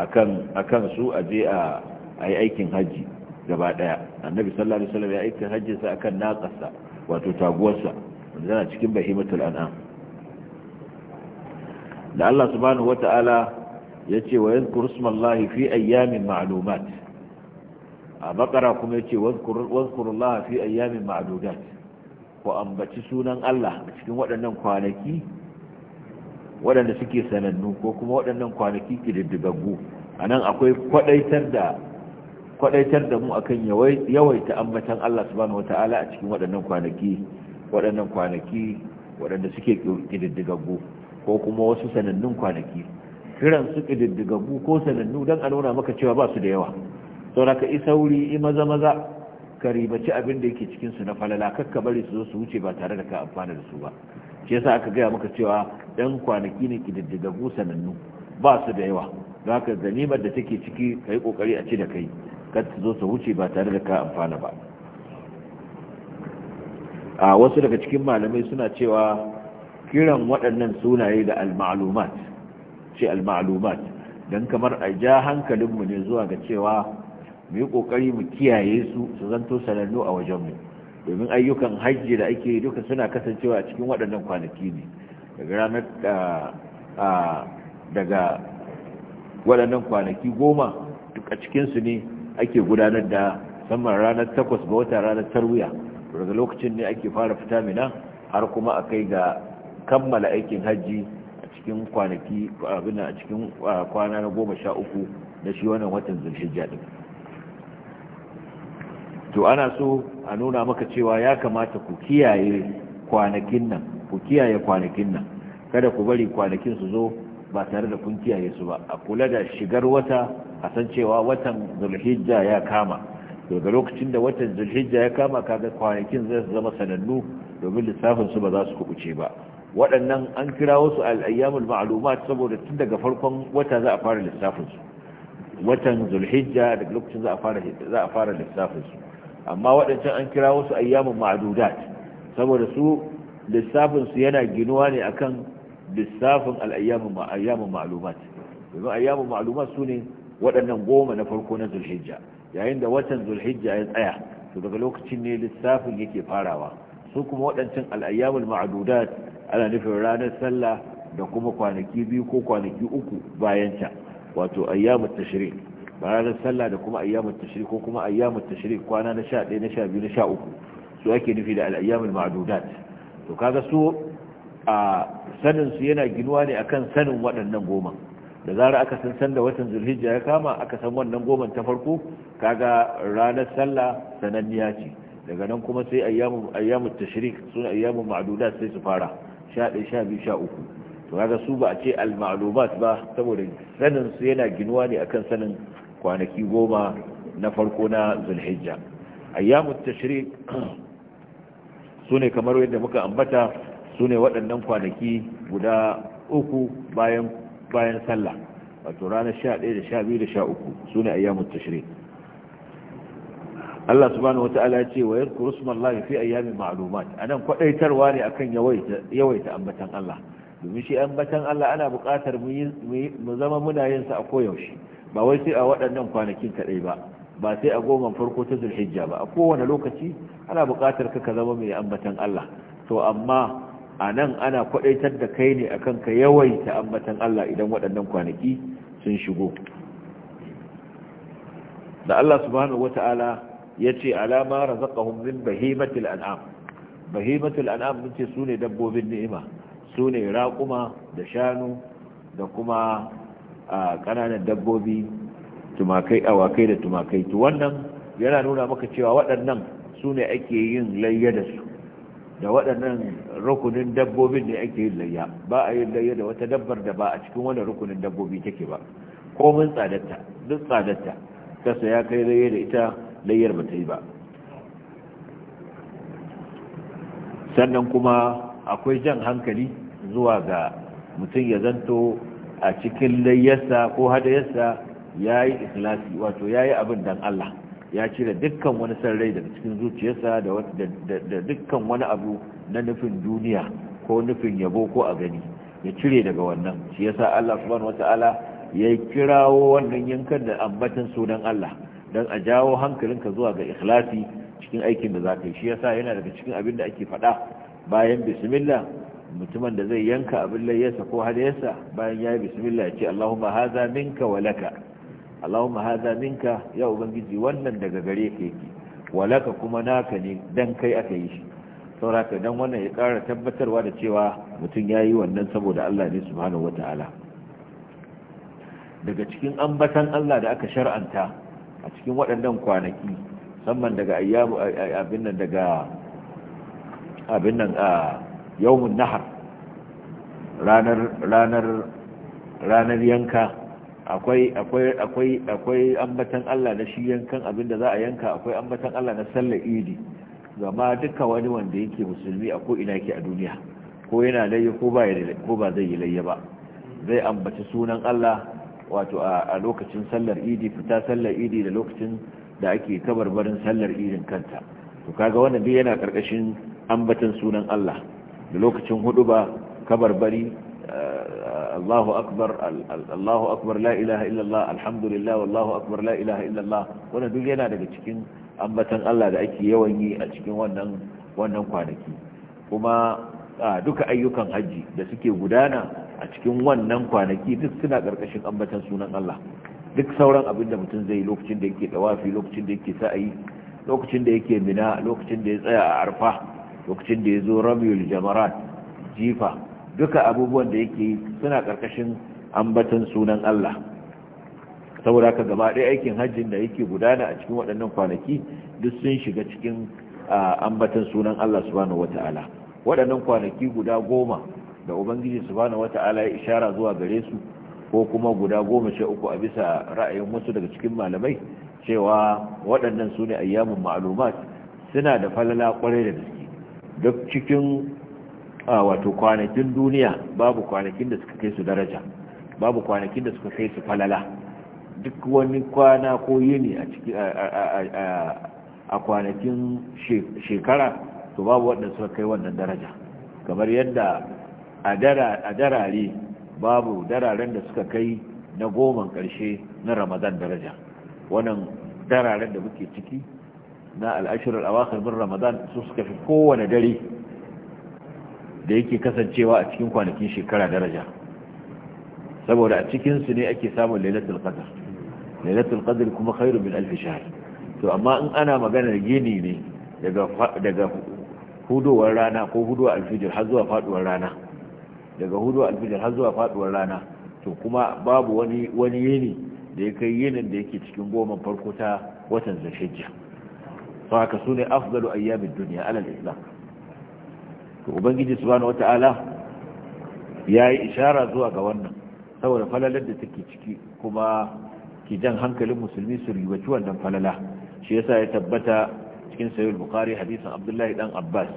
akan su a je a yi aikin hajji gaba daya annabi sallallahu alaihi wasallam ya aikin hajjinsa akan naƙasa wato taguwarsa wanda tana cikin bahimatul an'am da Allah subhanahu wata'ala ya ce wa yadhkur ismallahi fi ayyamin ma'lumat a bakara kuma ya ce wa yadhkurullaha fi ayyamin ma'dudat ku ambaci sunan Allah a cikin waɗannan kwanaki waɗanda suke sanannu ko kuma waɗannan kwanaki ƙididdigaggu a nan akwai kwaɗaitar da mu akan yawaita ambatan Allah subhanahu wata'ala a cikin waɗannan kwanaki waɗannan kwanaki waɗanda suke ƙididdigaggu ko kuma wasu sanannun kwanaki kiran su ƙididdigaggu ko sanannu don a nuna maka cewa ba su da yawa sauraka isauri i maza maza ka ribaci abin da yake cikin su na falala kakka bari su zo su wuce ba tare da ka amfana da su ba shi yasa aka gaya maka cewa ɗan kwanaki ne kididdigaggu sanannu ba su da yawa za ka ganimar da take ciki ka yi ƙoƙari a ci da kai kan su zo su wuce ba tare da ka amfana ba a wasu daga cikin malamai suna cewa kiran waɗannan sunaye da al-ma'lumat ce al-ma'lumat don kamar a ja hankalinmu ne zuwa ga cewa mu yi kokari mu kiyaye su su zanto sanannu a wajenmu domin ayyukan hajji da ake duka suna kasancewa a cikin waɗannan kwanaki ne daga ranar daga waɗannan kwanaki goma duk a cikinsu ne ake gudanar da saman ranar takwas ga wata ranar tarwiya daga lokacin ne ake fara fita mina har kuma a kai ga kammala aikin hajji a cikin kwanaki a cikin kwana na goma sha uku na shi wannan watan zulhijja ɗin to ana so a nuna maka cewa ya kamata ku kiyaye kwanakin nan ku kiyaye kwanakin nan kada ku bari kwanakin su zo ba tare da kun kiyaye su ba a kula da shigar wata a san cewa watan zulhijja ya kama daga lokacin da watan zulhijja ya kama kaga kwanakin zai zama sanannu domin lissafin su ba za su kubuce ba waɗannan an kira wasu al'ayyamul ma'lumat saboda tun daga farkon wata za a fara lissafin su watan zulhijja daga lokacin za a fara lissafin su amma waɗancan an kira wasu ayyamun ma'adudat saboda su lissafin su yana ginuwa ne akan lissafin al'ayyamin ayyamin ayyamun domin ayyamin su ne waɗannan goma na farko na zulhijja yayin da watan zulhijja ya tsaya to daga lokacin ne lissafin yake farawa su kuma waɗancan al'ayyamun ma'adudat ana nufin ranar sallah da kuma kwanaki biyu ko kwanaki uku bayan ta wato ayyamut tashrik ranar sallah da kuma ayyamun tashrik ko kuma ayyamun tashrik kwana na 11 na 12 na 13 su ake nufi da al-ayyamul ma'dudat to kaga su a sanin su yana ginuwa ne akan sanin waɗannan goma da zara aka san san da watan zulhijja ya kama aka san wannan goman ta farko kaga ranar sallah sananniya ce daga nan kuma sai ayyamun ayyamu tashrik sun ayyamu ma'dudat sai su fara 11 12 13 to kaga su ba a ce al-ma'lumat ba saboda sanin su yana ginuwa ne akan sanin kwanaki goma na farko na zulhijja ayyamu tashrik su ne kamar yadda muka ambata su ne waɗannan kwanaki guda uku bayan bayan sallah wato ranar 11 da 12 da 13 su ne tashrik Allah subhanahu wata'ala ce wa yadhkuru smallahi fi ayyamin ma'lumat anan kwadaitarwa ne akan yawaita yawaita ambatan Allah domin shi ambatan Allah ana buƙatar mu zama muna yin sa a koyaushe ba wai sai a waɗannan kwanakin kaɗai ba ba sai a goma farko ta zulhijja ba a kowane lokaci ana buƙatar ka zama mai ambatan Allah to amma a nan ana kwaɗaitar da kai ne akan ka yawaita ambatan Allah idan waɗannan kwanaki sun shigo da Allah subhanahu wata'ala ya ce alama razaqahum min bahimatil an'am bahimatil an'am mun ce sune dabbobin ni'ima sune raƙuma da shanu da kuma a ƙananan dabbobi tumakai awakai da tumakai to wannan yana nuna maka cewa waɗannan su ne ake yin layya da su da waɗannan rukunin dabbobin ne ake yin layya ba a yin layya da wata dabbar da ba a cikin wani rukunin dabbobi take ba komin tsadarta duk tsadarta kasa ya kai layya da ita layyar ba ta yi ba sannan kuma akwai jan hankali zuwa ga mutum ya zanto a cikin layyarsa ko hadayarsa ya yi ikilasi wato ya yi abin dan Allah ya cire dukkan wani san rai daga cikin zuciyarsa da dukkan wani abu na nufin duniya ko nufin yabo ko a gani ya cire daga wannan shi yasa Allah subhanahu wataala ya kirawo wannan yankan da ambatan sunan Allah don a jawo hankalinka zuwa ga ikhlasi cikin aikin da za ka yi shi yasa yana daga cikin abin da ake faɗa bayan bismillah mutumin da zai yanka abin layyarsa ko hadayarsa bayan ya yi bismillah ya ce Allahumma haza minka wa laka Allahumma haza minka ya ubangiji wannan daga gare ka yake wa kuma naka ne dan kai aka yi shi sauraka dan wannan ya kara tabbatarwa da cewa mutum ya yi wannan saboda Allah ne subhanahu wata'ala daga cikin ambatan Allah da aka shar'anta a cikin waɗannan kwanaki musamman daga ayyamu abin nan daga abin nan a yawmun nahar ranar ranar ranar yanka akwai akwai akwai akwai ambatan Allah na shi yankan abinda za a yanka akwai ambatan Allah na sallar idi gama duka wani wanda yake musulmi a ko ina yake a duniya ko yana layya ko ba ko ba zai yi layya ba zai ambaci sunan Allah wato a lokacin sallar idi fita sallar idi da lokacin da ake kabarbarin sallar idin kanta to kaga wannan dai yana karkashin ambatan sunan Allah da lokacin hudu ba kabarbari Allahu akbar Allahu akbar la ilaha illallah alhamdulillah wallahu akbar la ilaha illallah wannan duk yana daga cikin ambatan Allah da ake yawan yi a cikin wannan wannan kwanaki kuma duka ayyukan haji da suke gudana a cikin wannan kwanaki duk suna karkashin ambatan sunan Allah duk sauran abin da mutum zai lokacin da yake dawafi lokacin da yake sa'ayi lokacin da yake mina lokacin da ya tsaya a arfa lokacin da ya zo rabiul jamarat jifa duka abubuwan da yake suna ƙarƙashin ambatan sunan Allah saboda ka gaba ɗaya aikin hajjin da yake gudana a cikin waɗannan kwanaki duk sun shiga cikin ambatan sunan Allah subhanahu wata'ala waɗannan kwanaki guda goma da ubangiji subhanahu wata'ala ya ishara zuwa gare su ko kuma guda goma sha uku a bisa ra'ayin wasu daga cikin malamai cewa waɗannan su ne ayyamin ma'alumat suna da falala kwarai da gaske duk cikin wato kwanakin duniya babu kwanakin da suka kai su daraja babu kwanakin da suka kai su falala duk wani kwana ko yini a kwanakin shekara to babu wannan suka kai wannan daraja kamar yadda a darare babu dararen da suka kai na goma ƙarshe na ramadan daraja wannan dararen da muke ciki na al'ashirar awakhir bin ramadan su suka fi kowane dare da yake kasancewa a cikin kwanakin shekara daraja saboda a cikinsu ne ake samun lailatul qadr lailatul qadr kuma khairu min alf shahr to amma in ana maganar gini ne daga daga hudowar rana ko huduwar alfijir har zuwa faduwar rana daga huduwar alfijir har zuwa faduwar rana to kuma babu wani wani yini da ya kai yinin da yake cikin goma farko ta watan zulhijja sau haka su ne afgalu ayyamin duniya alal islam to ubangiji subhanahu wata'ala ya yi ishara zuwa ga wannan saboda falalar da take ciki kuma ki jan hankalin musulmi su ribaci wannan falala shi yasa ya tabbata cikin sayyid bukhari hadisin abdullahi dan abbas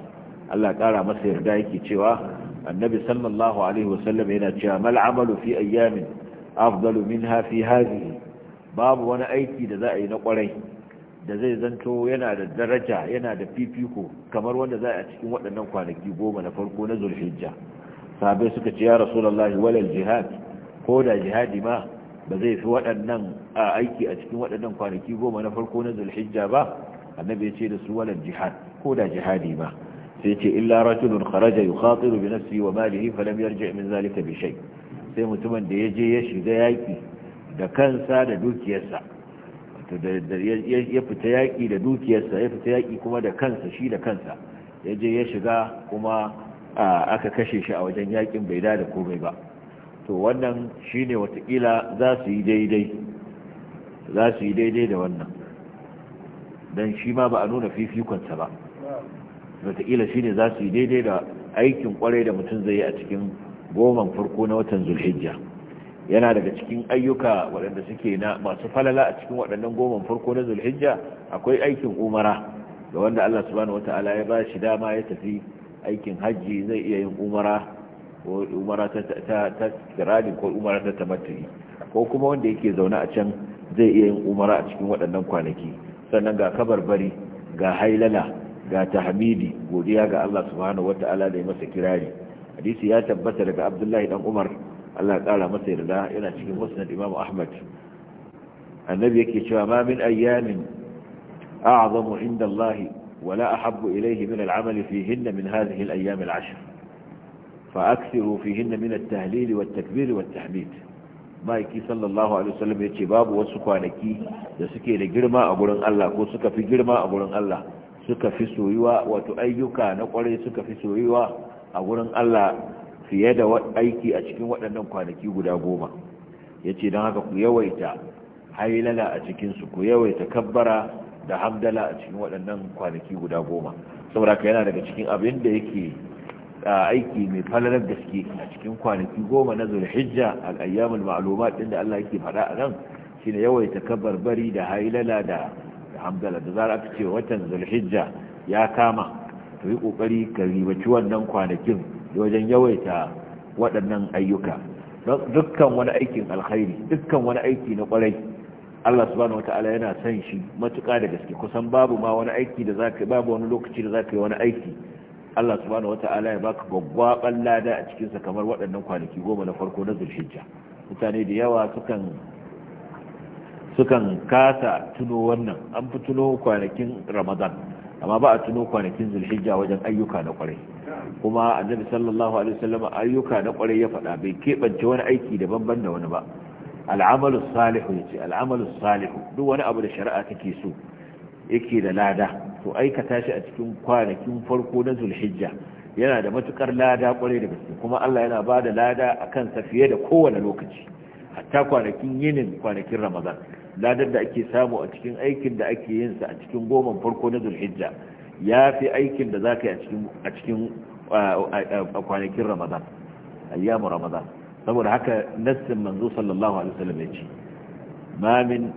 Allah kara masa yarda yake cewa annabi sallallahu alaihi wasallam yana cewa mal amalu fi ayyamin afdalu minha fi hadhihi babu wani aiki da za a yi na kwarai da zai zanto yana da daraja yana da fifiko kamar wanda za a cikin waɗannan kwanaki goma na farko na zulhijja sahabai suka ce ya rasulallah walal jihad ko da jihadi ma ba zai fi waɗannan a aiki a cikin waɗannan kwanaki goma na farko na zulhijja ba annabi ya ce da su walal jihad ko da jihadi ma sai ce illa rajulun kharaja yukhatiru bi nafsihi wa malihi falam yarji min zalika bi shay sai mutumin da ya je ya shiga yaki da kansa da dukiyarsa to da ya fita yaƙi da dukiyarsa ya fita yaƙi kuma da kansa shi da kansa ya je ya shiga kuma aka kashe shi a wajen yaƙin bai da komai ba to wannan shi ne watakila za su yi daidai za su yi daidai da wannan don shi ma ba a nuna fifikonsa ba watakila shi ne za su yi daidai da aikin kwarai da mutum zai yi a cikin goman farko na watan zulhijja yana daga cikin ayyuka waɗanda suke na masu falala a cikin waɗannan goman farko na zulhijja akwai aikin umara da wanda Allah subhanahu wata'ala ya ba shi dama ya tafi aikin hajji zai iya yin umara ko umara ta kirani ko umara ta tamattu'i ko kuma wanda yake zaune a can zai iya yin umara a cikin waɗannan kwanaki sannan ga kabarbari ga hailala ga tahmidi godiya ga Allah subhanahu wata'ala da ya masa kirari hadisi ya tabbata daga Abdullahi dan Umar Allah ya kara masa yarda yana cikin musnad Imam Ahmad annabi yake cewa ma min ayyamin a'zamu inda Allah wala ahabbu ilayhi min al'amal fihinna min hadhihi al-ayyam al-'ashr fa'akthiru fihinna min at-tahlil wat-takbir wat-tahmid ma'aiki sallallahu alaihi wasallam yace babu wasu kwanaki da suke da girma a gurin Allah ko suka fi girma a gurin Allah suka fi soyuwa wato ayyuka na kwarai suka fi soyuwa a gurin Allah fiye da aiki a cikin waɗannan kwanaki guda goma ya ce don haka ku yawaita hailala a cikinsu ku yawaita kabbara da hamdala a cikin waɗannan kwanaki guda goma saboda ka yana daga cikin abin da yake aiki mai falalar gaske a cikin kwanaki goma na zulhijja al'ayyamul ma'aluma ɗin da Allah yake faɗa a nan shi ne yawaita kabbar bari da hailala da hamdala da zara aka ce watan zulhijja ya kama to yi ƙoƙari ka ribaci wannan kwanakin wajen yawaita waɗannan ayyuka dukkan wani aikin alkhairi dukkan wani aiki na ƙwarai Allah subhanahu wata'ala yana son shi matuƙa da gaske kusan babu ma wani aiki da zaka babu wani lokaci da zaka yi wani aiki Allah subhanahu wata'ala ya baka gwaggwaban lada a cikinsa kamar waɗannan kwanaki goma na farko na zulhijja mutane da yawa sukan sukan kasa tuno wannan an fi tuno kwanakin ramadan amma ba a tuno kwanakin zulhijja wajen ayyuka na ƙwarai. kuma annabi sallallahu alaihi wasallam ayyuka da kwarai ya faɗa bai keɓance wani aiki daban ban da wani ba al'amalu salihu yace al'amalu salihu duk wani abu da shari'a take so yake da lada to aikata shi a cikin kwanakin farko na zulhijja yana da matukar lada kwarai da gaske kuma Allah yana bada lada a kansa fiye da kowane lokaci hatta kwanakin yinin kwanakin ramadan ladar da ake samu a cikin aikin da ake yin sa a cikin goma farko na zulhijja ya fi aikin da za ka yi a cikin kwanakin ramadan ayyamu ramadan saboda haka nassin manzo sallallahu alaihi wasallam ya ce ma min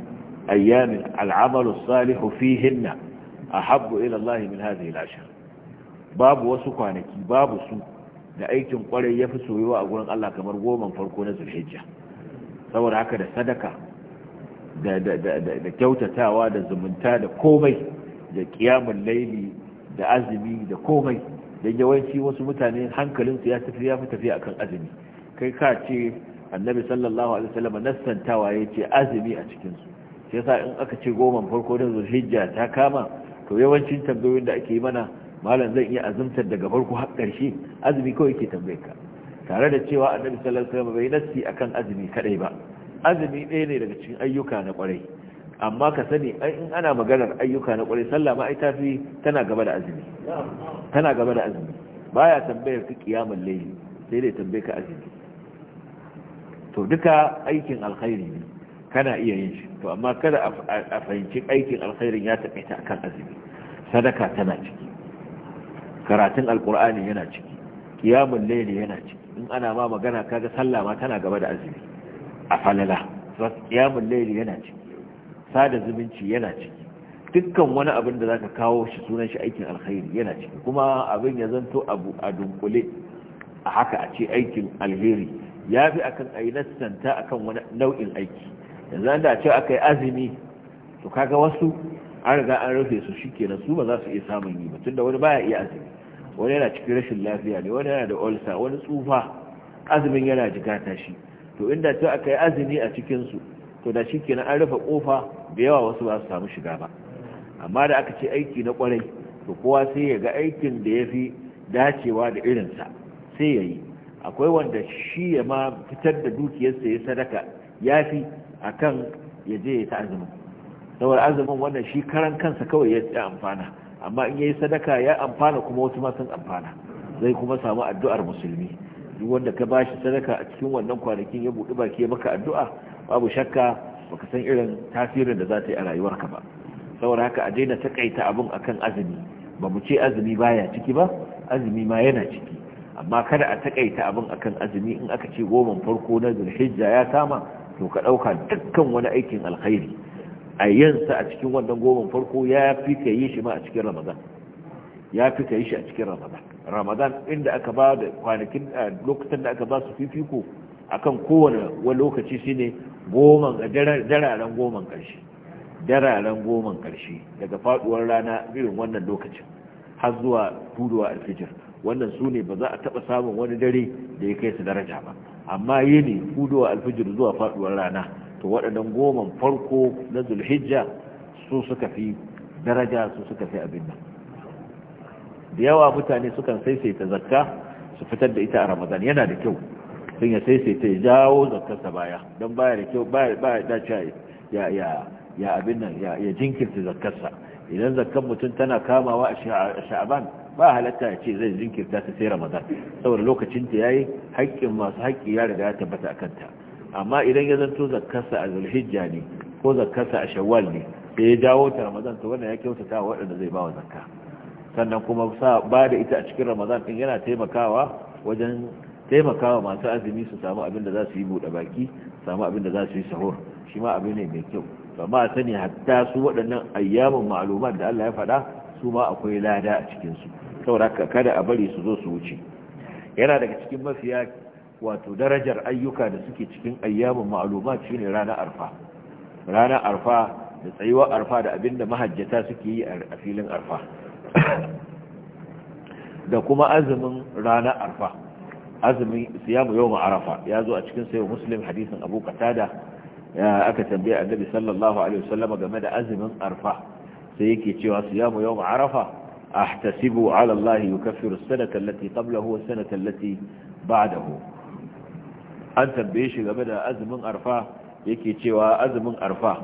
ayyamin al'amalu salihu fihinna ahabbu ila Allah min hadhihi al babu wasu kwanaki babu su da aikin kwarai yafi soyuwa a gurin Allah kamar goma farko na Zulhijja saboda haka da sadaka da da da kyautatawa da zumunta da komai da kiyamun laili da azumi da komai da yawanci wasu mutane hankalinsu ya tafi ya fi tafiya akan azumi kai ka ce annabi sallallahu alaihi wasallam nassantawa ya ce azumi a cikinsu sai sa in aka ce goma farko da zulhijja ta kama to yawancin tambayoyin da ake yi mana malam zan iya azumtar daga farko har karshe azumi kawai yake tambaye ka tare da cewa annabi sallallahu alaihi wasallam bai nassi akan azumi kadai ba azumi ɗaya ne daga cikin ayyuka na kwarai amma ka sani in ana maganar ayyuka na ƙwarai sallah ma ai tafi tana gaba da azumi tana gaba da azumi baya tambayar ka ƙiyamun laili sai dai tambaye ka azumi to duka aikin alkhairi ne kana iya yin shi to amma kada a fahimci aikin alkhairin ya taɓa ta akan azumi sadaka tana ciki karatun alkur'ani yana ciki ƙiyamun laili yana ciki in ana ma magana kaga sallah ma tana gaba da azumi a falala ƙiyamun laili yana ciki sada zumunci yana ciki dukkan wani abin da zaka kawo shi sunan shi aikin alkhairi yana ciki kuma abin ya zanto abu a dunkule a haka a ce aikin alheri ya fi akan ayi a kan wani nau'in aiki yanzu an da ce aka yi azumi to kaga wasu an riga an rufe su shi kenan su ba za su iya samun yi ba tunda wani baya iya azumi wani yana cikin rashin lafiya ne wani yana da olsa wani tsufa azumin yana jigata shi to inda ta aka yi azumi a cikinsu to da shi kenan an rufe kofa da yawa wasu ba su samu shiga ba amma da aka ce aiki na kwarai to kowa sai ya ga aikin da ya fi dacewa da irinsa sai ya yi akwai wanda shi ya ma fitar da dukiyarsa ya sadaka ya fi a kan ya je ta azumin saboda azumin wannan shi karan kansa kawai ya amfana amma in ya yi sadaka ya amfana kuma wasu ma sun amfana zai kuma samu addu'ar musulmi duk wanda ka shi sadaka a cikin wannan kwanakin ya buɗi baki ya maka addu'a babu shakka baka san irin tasirin da za ta yi a rayuwarka ba saboda haka a daina takaita abin akan azumi ba mu ce azumi baya ciki ba azumi ma yana ciki amma kada a takaita abin akan azumi in aka ce goman farko na zulhijja ya kama to ka ɗauka dukkan wani aikin alkhairi a yansa a cikin wannan goman farko ya fi ka yi shi ma a cikin ramadan ya fi ka yi shi a cikin ramadan ramadan inda aka ba da kwanakin lokutan da aka ba su fifiko kan kowane wani lokaci shine dararen goman karshe dararen goman karshe daga faduwar rana irin wannan lokacin har zuwa tuduwa alfijir wannan su ne ba za a taba samun wani dare da ya kai su daraja ba amma ne tuduwa alfijir zuwa faduwar rana to waɗannan goman farko na zulhijja su suka fi daraja su suka fi abin nan da yawa mutane sukan saisaita zakka su fitar da ita a ramadan yana da kyau sun ya saisaita ya jawo zakkarsa baya don baya da kyau baya ya ya ya abin nan ya ya jinkirta zakkarsa idan zakkan mutum tana kamawa a sha'aban ba halatta ya ce zai jinkirta ta sai ramadan saboda lokacin ta yayi haƙƙin masu haƙƙi ya riga ya tabbata akan ta amma idan ya zanto zakkarsa a zulhijja ne ko zakkarsa a shawwal ne sai ya jawo ta ramadan to wannan ya kyautata wa waɗanda zai ba wa zakka sannan kuma sa ba da ita a cikin ramadan din yana taimakawa wajen taimakawa masu azumi su samu abin da za su yi buɗe baki samu abin da za su yi sahur shi ma abin ne mai kyau amma a sani hatta su waɗannan ayyamin ma'aluman da Allah ya faɗa su ma akwai lada a cikinsu saboda kada a bari su zo su wuce yana daga cikin mafiya wato darajar ayyuka da suke cikin ayyamin ma'alumat shine ranar arfa ranar arfa da tsayuwar arfa da abinda mahajjata suke yi a filin arfa da kuma azumin rana arfa azumin siyamu yau arafa ya zo a cikin sayo muslim hadisin abu katada ya aka tambaya annabi sallallahu alaihi wasallam game da azumin arfa sai yake cewa siyamu yau arafa ahtasibu ala Allah yukaffiru as-sanata allati qablahu wa as-sanata allati ba'dahu an tambaye shi game da azumin arfa yake cewa azumin arfa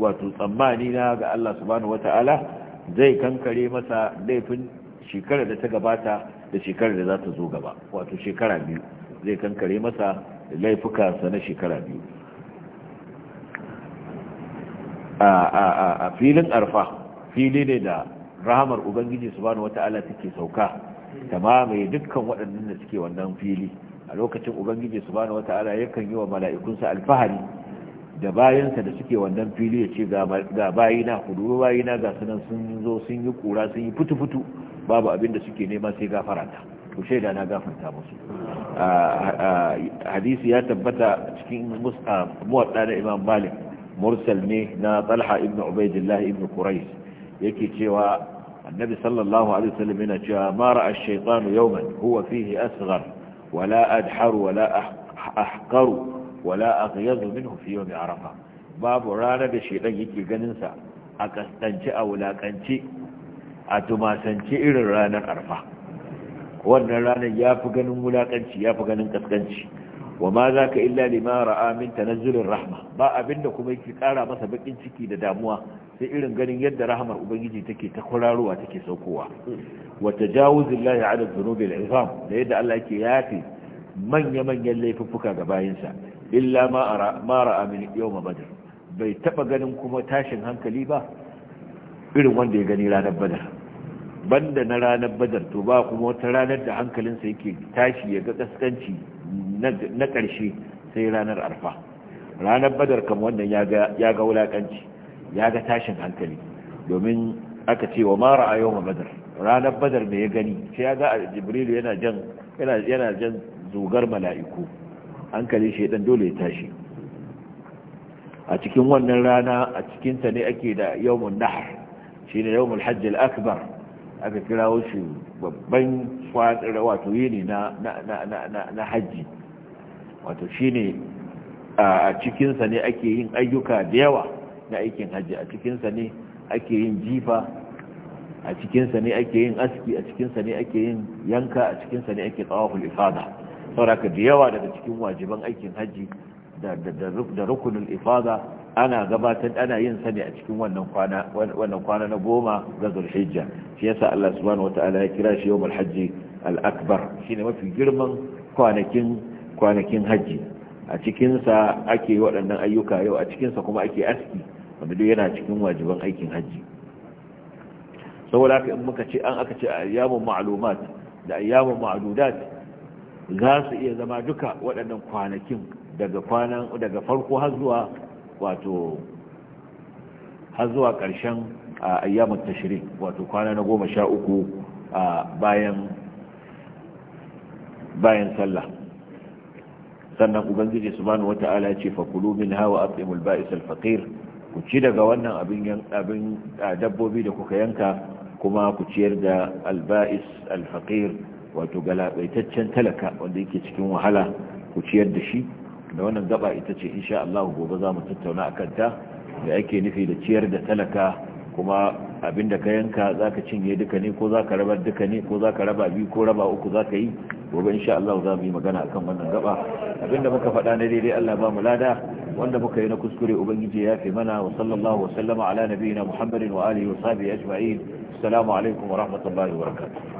wato tsammani na ga Allah subhanahu wataala zai kankare masa laifin shekarar da ta gabata da shekarar da za ta zo gaba wato shekara biyu zai kankare masa laifukansa na shekara biyu a filin arfa fili ne da rahamar ubangiji su wata wata'ala suke sauka mai dukkan waɗannan da suke wannan fili a lokacin ubangiji su subhanahu wata'ala yakan yi wa mala'ikunsa alfahari da bayansa da suke wannan fili ya ce ga bayina ga sunan sun zo sun yi kura sun yi fitu-fitu babu abin da suke nema sai gafara ta to shaida na gafarta musu hadisi ya tabbata cikin muwadda na imam malik mursal ne na talha ibn ubaidillah ibn quraish yake cewa annabi sallallahu alaihi wasallam yana cewa mara ra'a ash-shaytanu yawman huwa fihi asghar wala adhar wala ah, ahqar wala aghyadu minhu fi yawm arafa babu rana da shedan yake ganin a kasance a wulakance a tumasance irin ranar arfa wannan ranar yafi ganin wulakanci yafi ganin kaskanci wa ma ka illa lima ra'a min tanazzulir rahma ba abinda kuma yake kara masa bakin ciki da damuwa sai irin ganin yadda rahamar ubangiji take ta kurarowa take saukowa wa tajawuzillahi ala dhunubil izam da yadda Allah yake yafi manya-manyan laifuffuka ga bayinsa illa ma ra'a min yawma bai taba ganin kuma tashin hankali ba irin wanda ya gani ranar badar banda na ranar badar to ba kuma wata ranar da hankalinsa yake tashi ya ga kaskanci na ƙarshe sai ranar arfa ranar badar kama wannan ya ga wulaƙanci ya ga tashin hankali domin aka ce wa mara a yau badar ranar badar mai ya gani sai ya ga jibrilu yana jan zugar mala'iku Hankali hankalin ɗan dole ya tashi a cikin wannan rana a cikinta ne ake da yawon nahar shi ne yawon hajji al'akbar aka kira shi babban wato yini na hajji wato shi ne a cikinsa ne ake yin ayyuka da yawa na aikin hajji a cikinsa ne ake yin jifa a cikinsa ne ake yin aski a cikinsa ne ake yin yanka a cikinsa ne ake tsawaful ifada sauraka da yawa daga cikin wajiban aikin hajji da rukunin ifada ana gabatar ana yin sani a cikin wannan kwana na goma ga zulhijja shi yasa Allah subhanahu wataala ya kira shi yawmul hajji al-akbar shine mafi girman kwanakin hajji a cikinsa ake waɗannan ayyuka yau a cikinsa kuma ake aski wanda duk yana cikin wajiban aikin hajji saboda haka in muka ce an aka ce ayyamun ma'lumat da ayyamun ma'dudat za su iya zama duka waɗannan kwanakin daga farko har zuwa wato har zuwa ƙarshen ayyamin wato kwana na goma sha uku bayan bayan sallah sannan ubangiji subhanahu wata'ala ya ce fa hawa at'imul ba'is alfaqir ku ci daga wannan abin dabbobi da kuka yanka kuma ku ciyar da al-ba'is wato galabaitaccen talaka wanda yake cikin wahala ku ciyar da shi da wannan gaba ita ce insha Allah gobe za mu tattauna akan ta da ake nufi da ciyar da talaka kuma abinda ka yanka zaka cinye duka ne ko ka raba duka ne ko ka raba biyu ko raba uku ka yi gobe insha Allah za mu yi magana akan wannan gaba da muka faɗa na daidai Allah ba mu lada wanda muka yi na kuskure ubangiji ya fi mana wa sallallahu
wa sallama ala nabiyina Muhammadin wa alihi wa sahbihi ajma'in assalamu alaikum wa rahmatullahi wa barakatuh